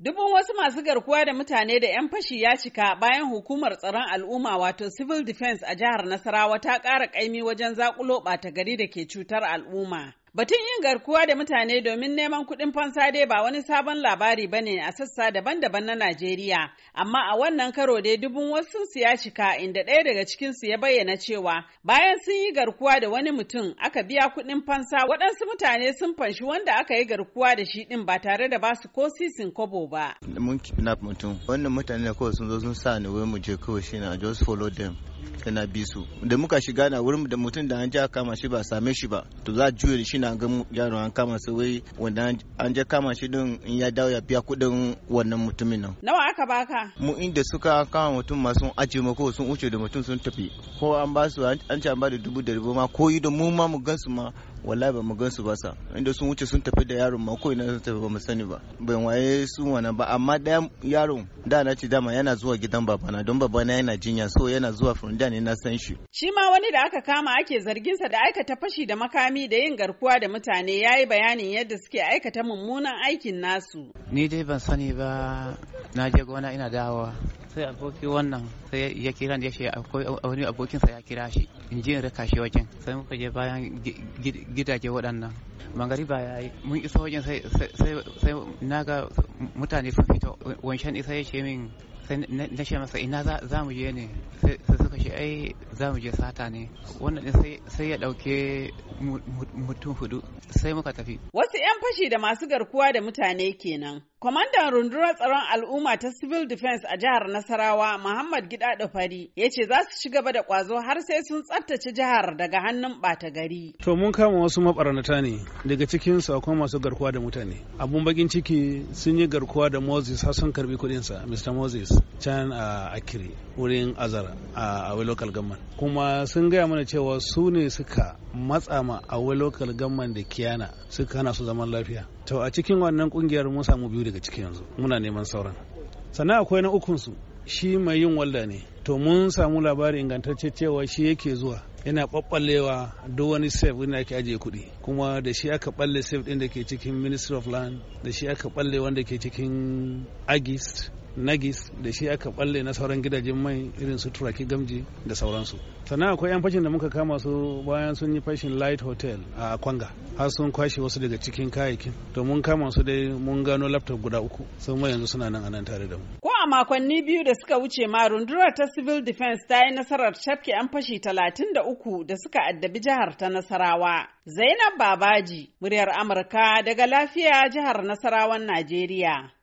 Dubun wasu masu garkuwa da mutane da 'yan fashi ya cika bayan hukumar tsaron al'umma wato civil defense a jihar Nasarawa ta ƙara ƙaimi wajen zakulo ɓata gari da ke cutar al'umma. Batun yin garkuwa da mutane domin neman kuɗin fansa dai ba wani sabon labari ba ne a sassa daban-daban na Najeriya, amma a wannan karo dai dubun wasu su ya cika inda ɗaya daga cikinsu ya bayyana cewa bayan sun yi garkuwa da wani mutum aka biya kuɗin fansa waɗansu mutane sun fanshi wanda aka yi garkuwa da shi ɗin ba tare da ba su ko sisin kobo ba. Mun kidnap mutum, wannan mutane kawai sun zo sun sa ni wai mu je kawai shi na just follow them. da na bi su da muka shiga na wurin da mutum da an ja kama shi ba same shi ba to za a juye shi na gan yaro an kama su wai wanda an ja kama shi din in ya dawo ya biya kuɗin wannan mutumin nan nawa aka baka mu inda suka kama mutum ma sun aje mako sun wuce da mutum sun tafi ko an ba su an ci an ba da dubu da ma ko yi da mu ma mu gan su ma wallahi ba mu gan su ba sa inda sun wuce sun tafi da yaron ma ko ina sun tafi ba mu sani ba ban waye su wannan ba amma ɗaya yaron da na ci dama yana zuwa gidan babana don babana yana jinya so yana zuwa from da ne na san shi shi ma wani da aka kama ake zargin sa da aikata fashi da makami da yin garkuwa da mutane yayi bayanin yadda suke aikata mummunan aikin nasu ni dai ban sani ba na je gona ina dawowa sai aboki wannan sai ya kira ya ce akwai wani abokinsa ya kira shi in ji in raka shi wajen sai muka je bayan gidaje waɗannan ba ya yi mun isa wajen sai na ga mutane sun fito wancan isa ya ce min sai na ce masa ina za mu je ne sai suka ce ai za mu je sata ne wannan sai ya ɗauke mutum hudu sai muka tafi. Wasu 'yan fashi da masu garkuwa da mutane kenan. Kwamandan rundunar tsaron al'umma ta Civil Defense a jihar Nasarawa, Muhammad Gida Fari, ya ce za su ci gaba da kwazo har sai sun tsabtace jihar daga hannun bata gari. To mun kama wasu mabarnata ne daga cikin akwai masu garkuwa da mutane. Abun bakin ciki sun yi garkuwa da Moses har sun karbi kuɗinsa, Mr. Moses, can a Akiri, wurin Azara a Local Government. Kuma sun gaya mana cewa su ne suka matsa kama a wani lokal gamman da kiyana suka hana su zaman lafiya to a cikin wannan kungiyar mun samu biyu daga ciki yanzu muna neman sauran sannan akwai na ukun su shi mai yin walda ne to mun samu labarin ingantacce cewa shi yake zuwa yana ɓaɓɓallewa duk wani sef da ake ajiye kuɗi kuma da shi aka ɓalle sef ɗin da ke cikin ministry of land da shi aka ɓalle wanda ke cikin agist nagis da shi aka balle na sauran gidajen mai irin su turaki gamji da sauransu sannan akwai yan fashin da muka kama su bayan sun yi fashin light hotel a kwanga har sun kwashe wasu daga cikin kayayyakin to mun kama su dai mun gano laptop guda uku sun yanzu suna nan anan tare da mu ko a makonni biyu da suka wuce ma rundunar ta civil defense ta yi nasarar shafke yan fashi talatin da uku da suka addabi jihar ta nasarawa zainab babaji muryar amurka daga lafiya jihar nasarawan najeriya